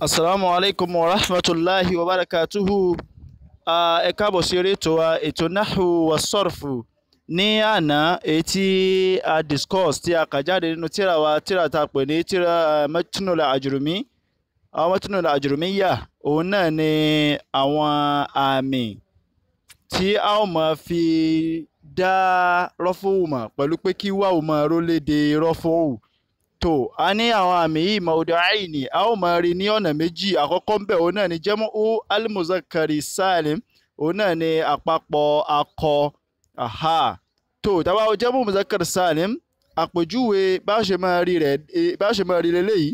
asalaamu alaykum wa rahmatulahi wa barakatuhu ẹ káàbọ̀ sí eré ètò wa ètò nahwu wa sọ́rfù ní àná èyí tí a discuss tí a kà jáde nínú tíra wa tíra ta pè ní tíra eh, Matnul Ajrumi àwọn Matnul Ajrumiyya òun náà ni àwọn àmì tí a ó máa fi dá rọ́fọ́wù mọ̀ pẹ̀lú pé kí wàá máa rólé de rọ́fọ́wù ètò a ní àwọn àmì yìí maudu'aini ni a ó máa rí ní ọ̀nà méjì àkọ́kọ́ ńbẹ̀ òun náà ni jẹ́mú almuzakkari salim òun náà ni àpapọ̀ akọ aha tó tábà jẹ́mú muzakkari salim àpèjúwe bá ṣe máa rí rẹ̀ e, bá ṣe máa rí lélẹ́yìí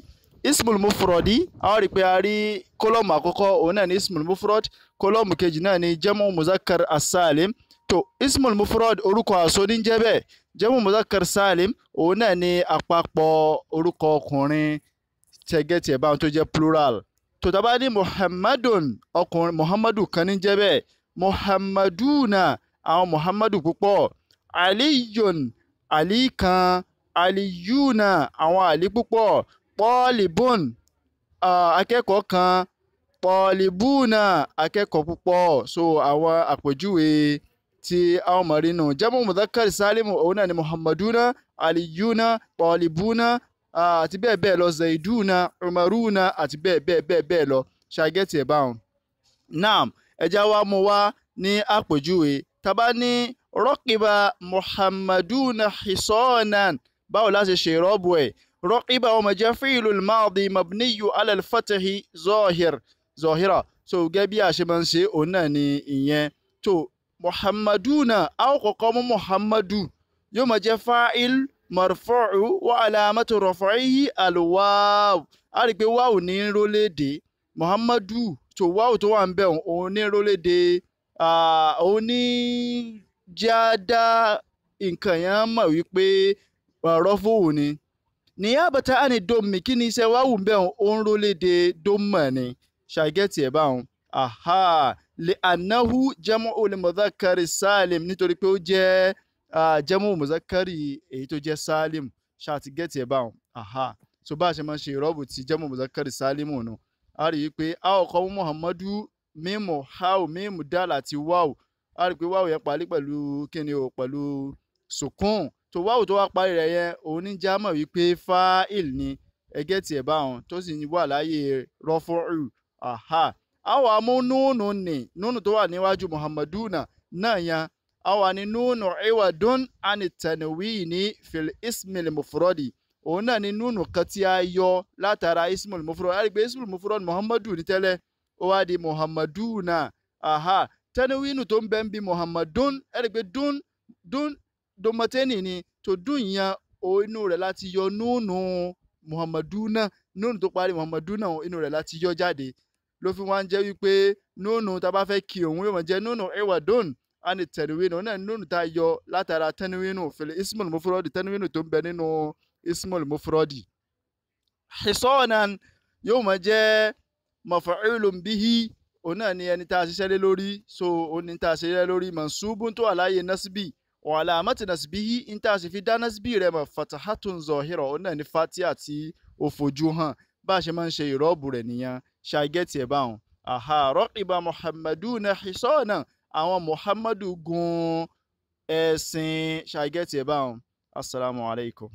ismul mufrodi a ó rí pé a rí kólọ́mù àkọ́kọ́ òun náà ni ismul mufrod kólọ́mù kejì náà ni jẹ́mú muzakkar asalim to ismul mufrod orúkọ àsọ ní bẹ́ẹ̀ jẹ́mú mudhakar salim òun náà ni àpapọ̀ orúkọ ọkùnrin tẹ̀gẹ́tì ẹ̀bá tó jẹ́ plural tòtàbá ní muhammadun ọkùnrin muhammadu kan ní jẹ́ bẹ́ẹ̀ muhammaduna àwọn muhammadu púpọ̀ aliyun ali kan aliyuna àwọn ali púpọ̀ pọ́ọ̀lìbùn akẹ́kọ̀ọ́ kan pọ́ọ̀lìbùnà akẹ́kọ̀ọ́ púpọ̀ so àwọn àpèjúwe tí a ó mọ̀ rí nù jamu mudhakar salimu òun náà ni muhammaduna aliyuna talibuna àti bẹ́ẹ̀ bẹ́ẹ̀ lọ zaiduna umaruna àti bẹ́ẹ̀ bẹ́ẹ̀ bẹ́ẹ̀ bẹ́ẹ̀ lọ ṣàgẹ́tì ẹ̀ báwọn. naam ẹja wa mu wá ní àpèjúwe taba ní rọ́kìbà muhammaduna hisonan báwo láti ṣe rọ́bù ẹ̀ rọ́kìbà ọmọ jẹ́ fíìlù máàdì mabniyu alalfatahi zohir zohira so gẹ́gẹ́ bí òun náà ni ìyẹn tó muhammaduna a ó kọ́kọ́ mú muhammadu yóò máa jẹ́ fa'il marfu'u wa alamatu rafa'ihi alwaaw a rí i pé wáwù ní rólédè muhammadu tó wáwù tó wà ń bẹ̀ òun ní rólédè òun ní jáda nǹkan yẹn mọ̀ wípé rọ́fòwò ni níyàbàtà àní domi kí ni iṣẹ́ wáwù ń bẹ̀ òun rólédè domọ̀ ni ṣàgẹ́tì ẹ̀ báwọn Le anahu jẹ́mọ́ olùmọ̀zákàrí salim nítorí pé ó jẹ́ jẹ́mọ́ olùmọ̀zákàrí èyí tó jẹ́ salim ṣáàtì gẹ́tì ẹ̀ báwọn aha tó bá a ṣe máa ṣe ìrọ́bù ti jẹ́mọ́ olùmọ̀zákàrí salim nù a rí i pé a ò kọ́ muhammadu mímu hau mímu dal àti wáwù a rí i pé wáwù yẹn parí pẹ̀lú kíni o pẹ̀lú sukun tó wáwù tó wá parí rẹ̀ yẹn òun ní jámọ̀ wípé fáìl ni ẹgẹ́tì ẹ̀ báwọn tó sì wà láàyè rọ́fọ́rù aha Awa wà mú núnù ní núnù tó wà muhammaduna náà ya, Awa wà ní núnù iwadun anitanawiini fil ismil mufrodi ona náà ní núnù kan tí a yọ látara ismil mufrodi a rí ismil mufrodi muhammadu ní tẹ́lẹ̀ ó wá di muhammaduna aha tanawinu tó ń bẹ ń bi muhammadun a rí dun dun domateni ni tó dun yẹn o inú rẹ̀ láti yọ núnù muhammaduna núnù tó parí muhammaduna inú rẹ̀ láti yọ jáde ló fi wá ń jẹ́ wípé nóònù tá a bá fẹ́ kí òun yóò mọ̀ jẹ́ nóònù ẹwà dóòn á ní tẹ̀nuwínù náà nóònù tá a yọ látara tẹ̀nuwínù fìlẹ̀ ismul mufurọ́dì tẹ̀nuwínù tó ń bẹ nínú ismul mufurọ́dì. hisanan yóò mọ̀ jẹ́ maf'ulun bihi òun náà ni ẹni tá a ṣiṣẹ́ lé lórí so òun ni tá a ṣiṣẹ́ lé lórí mansubun tó àlàyé nasibi wa alamati nasibihi ń tá a sì fi dá nasibi rẹ̀ mọ̀ fatahatun zọ̀hírọ̀ òun náà ni fatia tí ó hàn bá a ṣe máa ń ṣe ìrọ́bù rẹ̀ nìyẹn ṣàgẹ́tì ẹ̀ báwọn àhàrọ̀ ìbá muhammadu na hisọ́ọ̀nà àwọn muhammadu gun ẹ̀sìn ṣàgẹ́tì ẹ̀ báwọn asalaamualeykum.